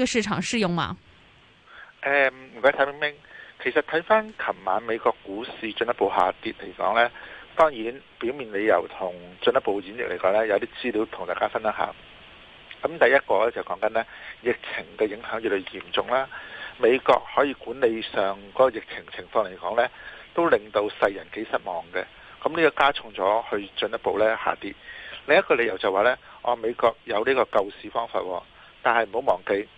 個市場適用嗎？誒、嗯，唔該，譚冰其實睇翻琴晚美國股市進一步下跌嚟講呢，當然表面理由同進一步演繹嚟講呢，有啲資料同大家分享一下。咁、嗯、第一個咧就講緊呢，疫情嘅影響越嚟越嚴重啦。美國可以管理上嗰個疫情情況嚟講呢，都令到世人幾失望嘅。咁、嗯、呢、這個加重咗去進一步呢下跌。另一個理由就話呢我、哦、美國有呢個救市方法、哦，但係唔好忘記。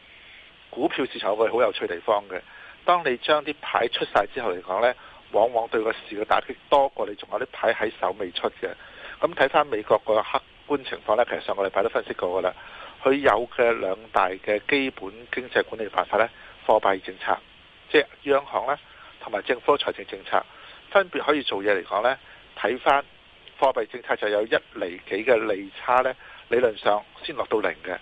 股票市場有個好有趣的地方嘅。當你將啲牌出晒之後嚟講呢，往往對個市嘅打擊多過你仲有啲牌喺手未出嘅。咁睇翻美國個客觀情況呢，其實上個禮拜都分析過噶啦。佢有嘅兩大嘅基本經濟管理的辦法呢，貨幣政策即係央行呢，同埋政府嘅財政政策分別可以做嘢嚟講呢。睇翻貨幣政策就有一厘幾嘅利差呢，理論上先落到零嘅，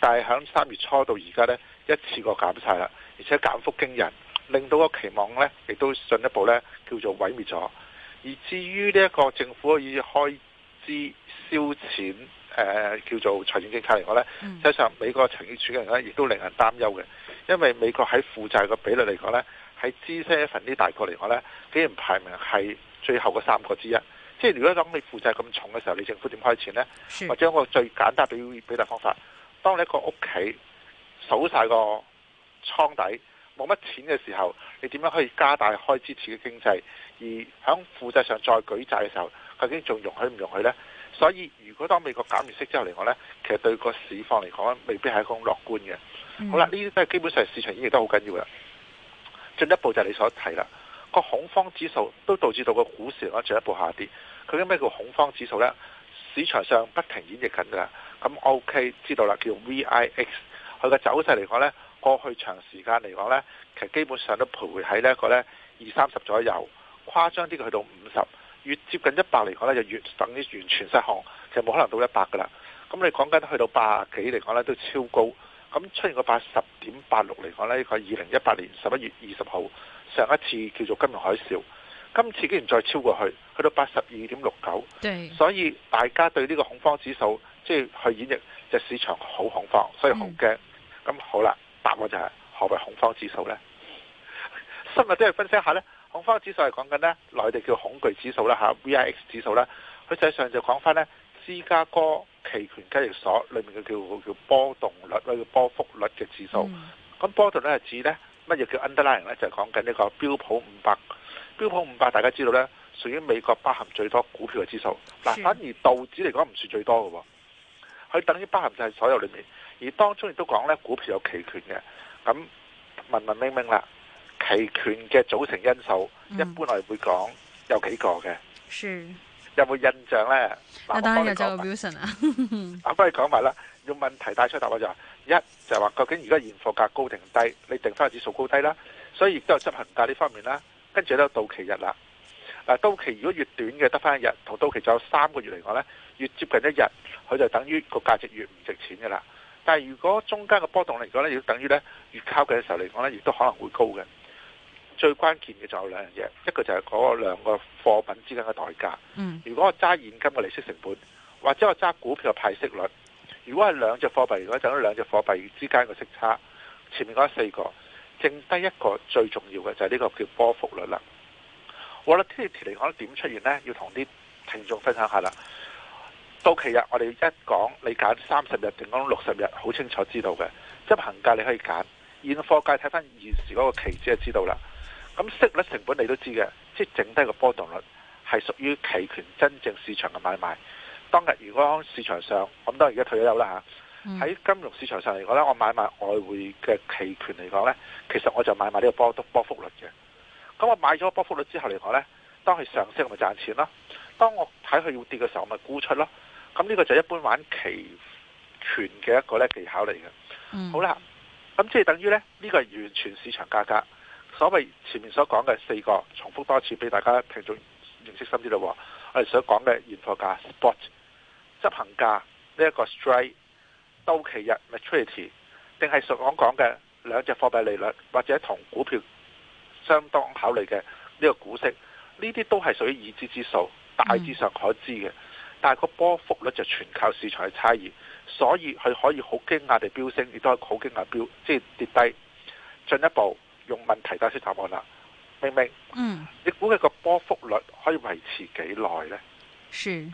但係響三月初到而家呢。一次過減晒啦，而且減幅驚人，令到個期望呢亦都進一步呢叫做毀滅咗。而至於呢一個政府可以開支燒錢，誒、呃、叫做財政政策嚟講咧，嗯、實際上美國財政處嘅人呢亦都令人擔憂嘅，因為美國喺負債個比率嚟講呢，喺 G7 呢啲大國嚟講呢，竟然排名係最後個三個之一。即係如果諗你負債咁重嘅時候，你政府點開錢呢？是或者我最簡單嘅比比例方法，當你一個屋企。數晒個倉底冇乜錢嘅時候，你點樣可以加大開支刺激經濟？而喺負債上再舉債嘅時候，究竟仲容許唔容許呢？所以如果當美國減完息之後嚟講呢，其實對個市況嚟講未必係一個咁樂觀嘅。嗯、好啦，呢啲都係基本上市場演繹都好緊要啦。進一步就係你所提啦，個恐慌指數都導致到個股市咧進一步下跌。究竟咩叫恐慌指數呢？市場上不停演繹緊噶啦。咁 OK，知道啦，叫 VIX，佢嘅走勢嚟講呢，過去長時間嚟講呢，其實基本上都徘徊喺呢一個呢二三十左右，誇張啲去到五十，越接近一百嚟講呢，就越等於完全失控，其實冇可能到一百噶啦。咁你講緊去到八十幾嚟講呢，都超高，咁出現個八十點八六嚟講呢，個係二零一八年十一月二十號上一次叫做金融海嘯，今次竟然再超過去，去到八十二點六九。所以大家對呢個恐慌指數，即係去演繹。即市場好恐慌，所以很、嗯、那好驚。咁好啦，答案就係、是、何謂恐慌指數呢？深入啲去分析一下呢，恐慌指數係講緊呢，內地叫恐懼指數啦，吓 VIX 指數啦。佢實際上就講翻呢，芝加哥期權交易所裏面嘅叫叫波動率叫波幅率嘅指數。咁、嗯、波動率係指呢，乜嘢叫 underlying 呢，就係講緊呢個標普五百。標普五百大家知道呢，屬於美國包含最多的股票嘅指數。嗱的，反而道指嚟講唔算最多嘅喎。佢等於包含晒所有裏面，而當中亦都講咧股票有期權嘅，咁問問明明啦。期權嘅組成因素、嗯、一般我哋會講有幾個嘅，是有冇印象呢？阿丹又做個表情啊！啊，不你講埋啦，用問題帶出答案就係、是、一就係、是、話究竟而家現貨價高定低？你定翻個指數高低啦，所以亦都有執行價呢方面啦。跟住都有到期日啦，到期如果越短嘅得翻一日，同到期仲有三個月嚟講呢，越接近一日，佢就等於個價值越唔值錢噶啦。但係，如果中間個波動嚟講呢，要等於呢，越靠近嘅時候嚟講呢，亦都可能會高嘅。最關鍵嘅就有兩樣嘢，一個就係嗰兩個貨品之間嘅代價。如果我揸現金嘅利息成本，或者我揸股票嘅派息率，如果係兩隻貨幣，如果就係兩隻貨幣之間嘅息差，前面嗰四個，剩低一個最重要嘅就係呢個叫波幅率啦。我覺得 Volatility 嚟講點出現呢？要同啲聽眾分享一下啦。到期日我哋一講你揀三十日定講六十日，好清楚知道嘅。執行價你可以揀，現貨價睇翻現時嗰個期即係知道啦。咁息率成本你都知嘅，即係剩低個波動率係屬於期權真正市場嘅買賣。當日如果市場上，當我咁多而家退咗休啦吓，喺金融市場上嚟講呢，我買賣外匯嘅期權嚟講呢，其實我就買賣呢個波波幅率嘅。咁我買咗波幅率之後嚟講呢，當佢上升咪賺錢咯，當我睇佢要跌嘅時候咪沽出咯。咁呢個就係一般玩期權嘅一個咧技巧嚟嘅。嗯、好啦，咁即係等於呢、呢個係完全市場價格。所謂前面所講嘅四個，重複多次俾大家聽眾認識深啲咯。我哋所講嘅現貨價、spot、執行價呢一個 strike、到期日 maturity，定係熟講講嘅兩隻貨幣利率或者同股票相當考慮嘅呢個股息，呢啲都係屬於已知之數，大致上可知嘅。嗯但係個波幅率就全靠市場嘅差異，所以佢可以好驚訝地飆升，亦都係好驚訝飆，即係跌低。進一步用問題帶出答案啦。明明，嗯，你估計個波幅率可以維持幾耐呢？是，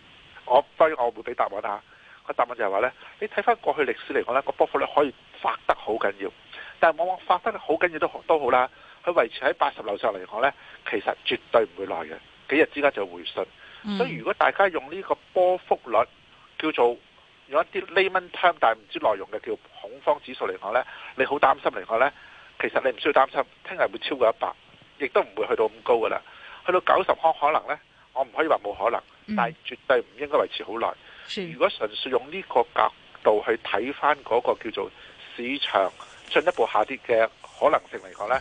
我當然我會俾答案吓。個答案就係話呢：你睇翻過去歷史嚟講呢個波幅率可以發得好緊要，但係往往發得好緊要都都好啦。佢維持喺八十樓上嚟講呢，其實絕對唔會耐嘅，幾日之間就回信。嗯、所以如果大家用呢個波幅率叫做用一啲 layman term，但係唔知內容嘅叫恐慌指數嚟講咧，你好擔心嚟講咧，其實你唔需要擔心，聽日會超過一百，亦都唔會去到咁高噶啦，去到九十康可能咧，我唔可以話冇可能，嗯、但係絕對唔應該維持好耐。的如果純粹用呢個角度去睇翻嗰個叫做市場進一步下跌嘅可能性嚟講咧。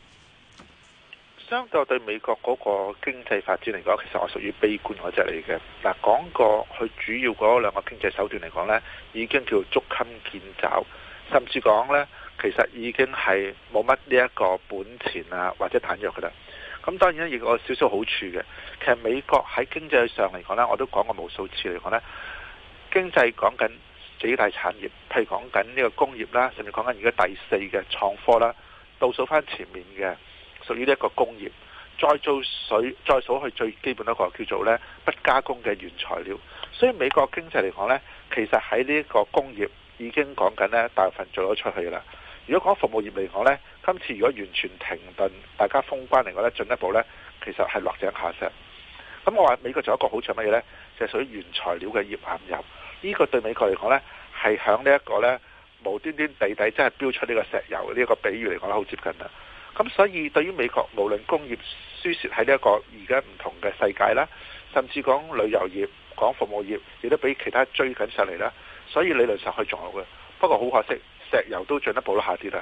相對對美國嗰個經濟發展嚟講，其實我屬於悲觀嗰隻嚟嘅。嗱，講過去主要嗰兩個經濟手段嚟講呢，已經叫做捉襟見肘，甚至講呢，其實已經係冇乜呢一個本錢啊，或者彈藥㗎啦。咁當然呢，亦有少少好處嘅。其實美國喺經濟上嚟講呢，我都講過無數次嚟講呢，經濟講緊幾大產業，譬如講緊呢個工業啦，甚至講緊而家第四嘅創科啦，倒數返前面嘅。屬於一個工業，再做水再數去最基本一個叫做呢不加工嘅原材料。所以美國經濟嚟講呢，其實喺呢個工業已經講緊呢大部分做咗出去啦。如果講服務業嚟講呢，今次如果完全停頓，大家封關嚟講呢，進一步呢其實係落井下石。咁我話美國仲有一個好長乜嘢呢，就係屬於原材料嘅頁岩油。呢、這個對美國嚟講呢，係響呢一個呢無端端地底，真係飆出呢個石油呢、這個比喻嚟講好接近啦。咁所以對於美國，無論工業輸蝕喺呢一個而家唔同嘅世界啦，甚至講旅遊業、講服務業，亦都俾其他追緊上嚟啦。所以理論上係仲有嘅，不過好可惜，石油都進一步都下跌啦。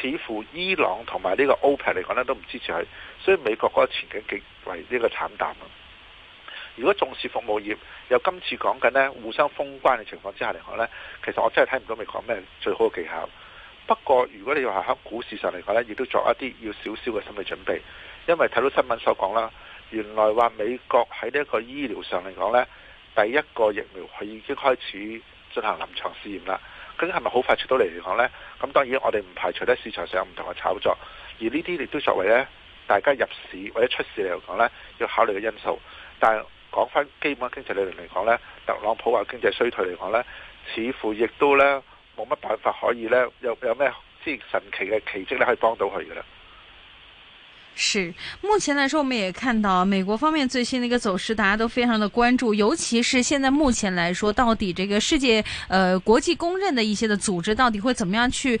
似乎伊朗同埋呢個歐佩嚟講呢都唔支持佢，所以美國嗰個前景極為呢個慘淡啊！如果重視服務業，又今次講緊呢互相封關嘅情況之下嚟講呢，其實我真係睇唔到美國咩最好嘅技巧。不過，如果你要喺股市上嚟講呢，亦都作一啲要少少嘅心理準備，因為睇到新聞所講啦，原來話美國喺呢一個醫療上嚟講呢，第一個疫苗佢已經開始進行臨床試驗啦。咁係咪好快出到嚟嚟講呢？咁當然我哋唔排除呢市場上有唔同嘅炒作，而呢啲亦都作為呢大家入市或者出市嚟講呢，要考慮嘅因素。但係講翻基本的經濟理論嚟講呢，特朗普話經濟衰退嚟講呢，似乎亦都呢。冇乜辦法可以呢，有有咩即係神奇嘅奇蹟咧，可以幫到佢噶啦。是目前來說，我們也看到美國方面最新的一個走勢，大家都非常的關注，尤其是現在目前來說，到底這個世界，呃國際公認的一些的組織，到底會怎麼樣去，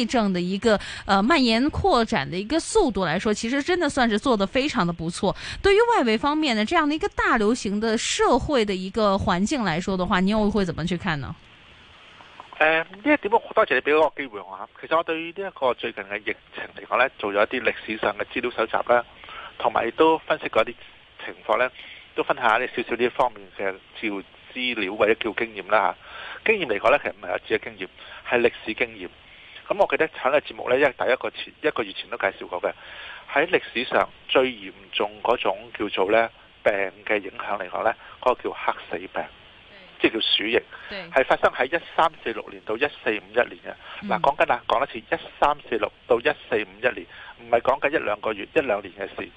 這的一個呃蔓延擴展的一個速度來說，其實真的算是做得非常的不錯。對於外圍方面呢，這樣的一個大流行的社會的一個環境來說的話，你又會怎麼去看呢？誒、呃，呢一點我多謝你俾個機會我吓。其實我對於呢一個最近嘅疫情嚟講呢做咗一啲歷史上嘅資料搜集啦，同埋亦都分析過一啲情況呢都分享一啲少少呢方面嘅資料或者叫經驗啦吓。經驗嚟講呢其實唔係自己經驗，係歷史經驗。咁我記得喺呢個節目呢，因為第一個前一個月前都介紹過嘅，喺歷史上最嚴重嗰種叫做咧病嘅影響嚟講咧，嗰、那個叫黑死病，對即係叫鼠疫，係對發生喺一三四六年到一四五一年嘅。嗱、嗯啊、講緊啊，講一次一三四六到一四五一年，唔係講緊一兩個月、一兩年嘅事，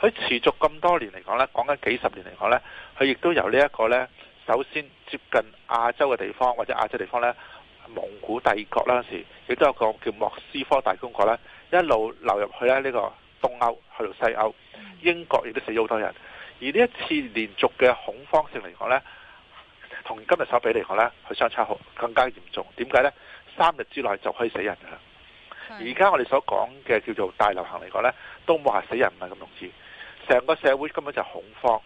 佢持續咁多年嚟講咧，講緊幾十年嚟講咧，佢亦都由呢一個咧，首先接近亞洲嘅地方或者亞洲地方咧。蒙古帝國嗰陣時，亦都有一個叫莫斯科大公國呢，一路流入去呢呢個東歐去到西歐，英國亦都死咗好多人。而呢一次連續嘅恐慌性嚟講呢，同今日所比嚟講呢，佢相差好更加嚴重。點解呢？三日之內就可以死人噶啦。是的 而家我哋所講嘅叫做大流行嚟講呢，都話死人唔係咁容易，成個社會根本就是恐慌。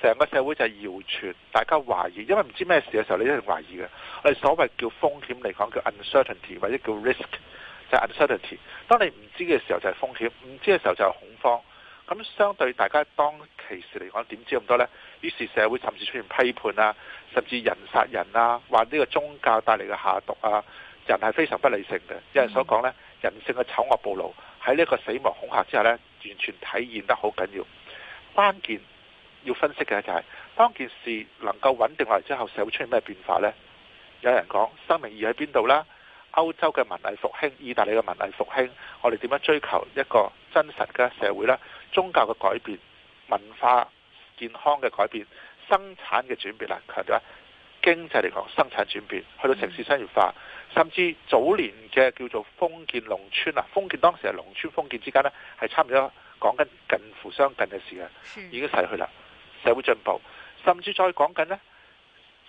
成個社會就係謠傳，大家懷疑，因為唔知咩事嘅時候，你一定懷疑嘅。我哋所謂叫風險嚟講叫 uncertainty，或者叫 risk，就係 uncertainty。當你唔知嘅時候就係風險，唔知嘅時候就係恐慌。咁相對大家當其時嚟講點知咁多呢？於是社會甚至出現批判啊，甚至人殺人啊，話呢個宗教帶嚟嘅下毒啊，人係非常不理性嘅。有人所講呢，人性嘅醜惡暴露喺呢個死亡恐嚇之下呢，完全體現得好緊要。關鍵要分析嘅就係、是、當件事能夠穩定落嚟之後，社會出現咩變化呢？有人講生命意義喺邊度啦？歐洲嘅文藝復興、意大利嘅文藝復興，我哋點樣追求一個真實嘅社會啦？宗教嘅改變、文化健康嘅改變、生產嘅轉變啦，強調經濟嚟講生產轉變，去到城市商業化，嗯、甚至早年嘅叫做封建農村啊，封建當時係農村封建之間呢係差唔多講緊近乎相近嘅事嘅，是的已經逝去啦。社會進步，甚至再講緊呢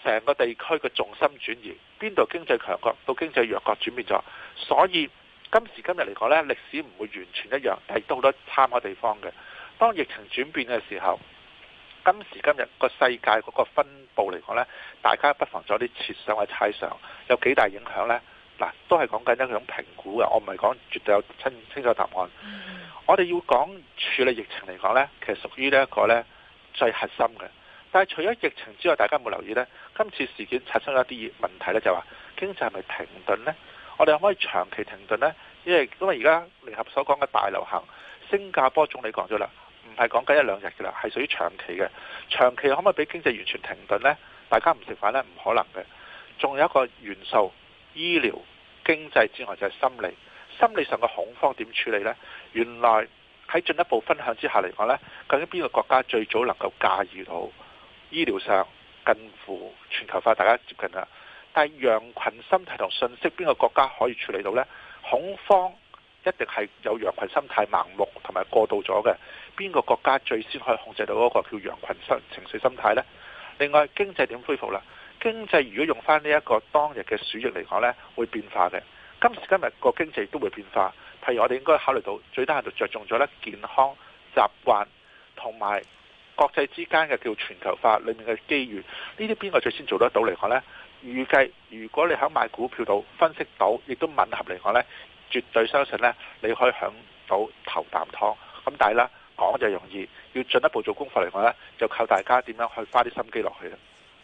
成個地區嘅重心轉移，邊度經濟強國到經濟弱國轉變咗，所以今時今日嚟講呢，歷史唔會完全一樣，係都好多參考地方嘅。當疫情轉變嘅時候，今時今日個世界嗰個分佈嚟講呢，大家不妨做啲設想或猜想，有幾大影響呢？嗱，都係講緊一種評估嘅，我唔係講絕對有清清楚答案。嗯、我哋要講處理疫情嚟講呢，其實屬於呢一個呢。最核心嘅，但係除咗疫情之外，大家有冇留意咧？今次事件產生咗一啲問題咧，就是，就話經濟係咪停頓咧？我哋可唔可以長期停頓咧？因為因為而家聯合所講嘅大流行，新加坡總理講咗啦，唔係講緊一兩日嘅啦，係屬於長期嘅。長期可唔可以俾經濟完全停頓咧？大家唔食飯咧，唔可能嘅。仲有一個元素，醫療經濟之外就係心理，心理上嘅恐慌點處理咧？原來。喺進一步分享之下嚟講呢，究竟邊個國家最早能夠駕馭到醫療上近乎全球化，大家接近啦。但係羊群心態同信息，邊個國家可以處理到呢？恐慌一定係有羊群心態盲目同埋過度咗嘅。邊個國家最先可以控制到嗰個叫羊群心情緒心態呢？另外經濟點恢復啦？經濟如果用翻呢一個當日嘅鼠疫嚟講呢，會變化嘅。今時今日個經濟都會變化。譬如我哋應該考慮到，最低限度着重咗咧健康習慣同埋國際之間嘅叫全球化裏面嘅機遇，呢啲邊個最先做得到嚟講呢？預計如果你喺買股票度分析到，亦都吻合嚟講呢，絕對相信呢你可以響到頭啖湯。咁但係呢，講就容易，要進一步做功課嚟講呢，就靠大家點樣去花啲心機落去。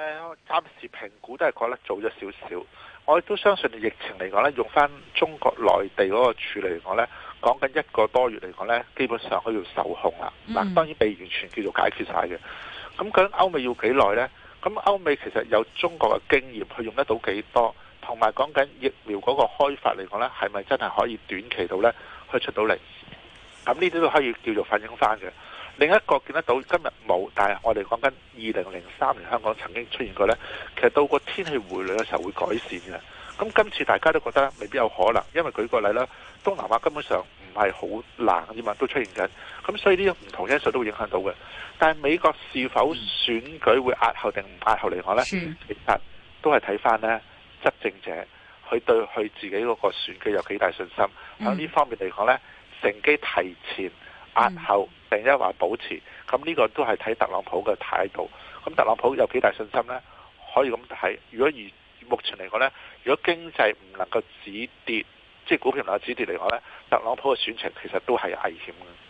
誒，暫時評估都係覺得早咗少少。我亦都相信，疫情嚟講咧，用翻中國內地嗰個處理嚟講咧，講緊一個多月嚟講咧，基本上可以受控啦。嗱，當然未完全叫做解決晒嘅。咁究竟歐美要幾耐呢？咁歐美其實有中國嘅經驗，佢用得到幾多？同埋講緊疫苗嗰個開發嚟講咧，係咪真係可以短期到呢？可以出到嚟？咁呢啲都可以叫做反映翻嘅。另一個見得到今日冇，但係我哋講緊二零零三年香港曾經出現過呢，其實到個天氣回暖嘅時候會改善嘅。咁今次大家都覺得未必有可能，因為舉個例啦，東南亞根本上唔係好冷啫嘛，都出現緊。咁所以呢啲唔同因素都會影響到嘅。但係美國是否選舉會押後定唔押後嚟講呢？是的其實都係睇翻呢執政者佢對佢自己嗰個選舉有幾大信心。喺呢方面嚟講呢，乘機提前。押後定一話保持，咁呢個都係睇特朗普嘅態度。咁特朗普有幾大信心呢？可以咁睇。如果以目前嚟講呢，如果經濟唔能夠止跌，即係股票唔能夠止跌嚟講呢，特朗普嘅選情其實都係危險嘅。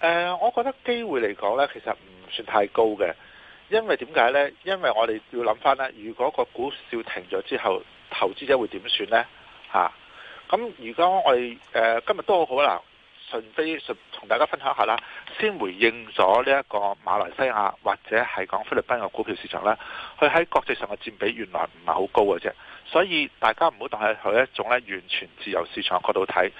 誒、呃，我覺得機會嚟講呢，其實唔算太高嘅，因為點解呢？因為我哋要諗翻呢，如果個股票停咗之後，投資者會點算呢？嚇、啊，咁如果我哋、呃、今日都好啦，純非同大家分享一下啦，先回應咗呢一個馬來西亞或者係講菲律賓嘅股票市場呢，佢喺國際上嘅佔比原來唔係好高嘅啫，所以大家唔好當係佢一種咧完全自由市場角度睇。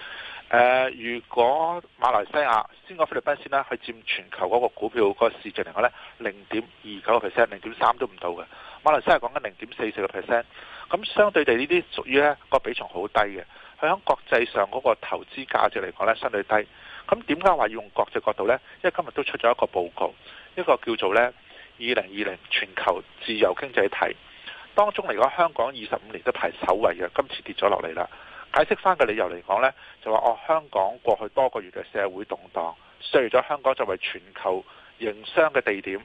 誒、呃，如果馬來西亞先講菲律賓先啦，佢佔全球嗰個股票個市值嚟講呢，零點二九個 percent，零點三都唔到嘅。馬來西亞講緊零點四四個 percent，咁相對地呢啲屬於呢、呢個比重好低嘅。佢喺國際上嗰個投資價值嚟講呢，相對低。咁點解話要用國際角度呢？因為今日都出咗一個報告，一個叫做呢「二零二零全球自由經濟體」，當中嚟講香港二十五年都排首位嘅，今次跌咗落嚟啦。解釋翻嘅理由嚟講呢就話哦，香港過去多個月嘅社會動盪，削咗香港作為全球營商嘅地點。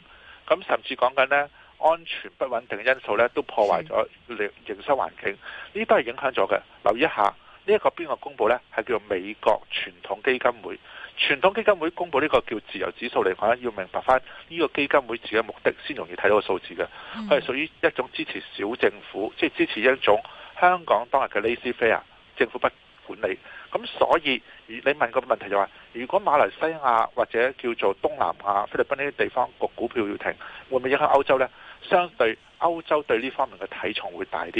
咁甚至講緊呢，安全不穩定因素呢都破壞咗營商環境。呢是都係影響咗嘅。留意一下呢一個邊個公佈呢，係叫做美國傳統基金會。傳統基金會公佈呢個叫自由指數嚟講呢要明白翻呢個基金會自己嘅目的先容易睇到個數字嘅。佢係屬於一種支持小政府，即係支持一種香港當日嘅 laissez-faire 政府不管理，咁所以你問個問題就話、是，如果馬來西亞或者叫做東南亞菲律賓呢啲地方個股票要停，會唔會影響歐洲咧？相對歐洲對呢方面嘅體重會大啲，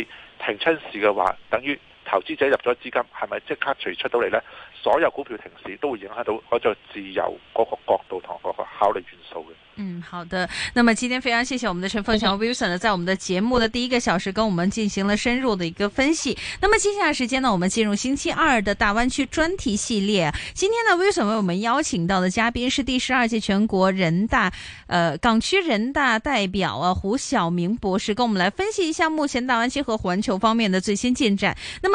停親市嘅話等於。投資者入咗資金，係咪即刻隨出到嚟呢？所有股票停市都會影響到嗰個自由嗰個角度同嗰個考慮元素嘅。嗯，好的。那麼今天非常謝謝我們的陳鳳翔 Wilson 呢，嗯、在我們的節目的第一個小時跟我們進行了深入的一個分析。那麼接下來時間呢，我們進入星期二的大灣區專題系列。今天呢，Wilson 為我們邀請到的嘉賓是第十二屆全國人大、呃港區人大代表啊胡曉明博士，跟我們來分析一下目前大灣區和環球方面的最新進展。那麼。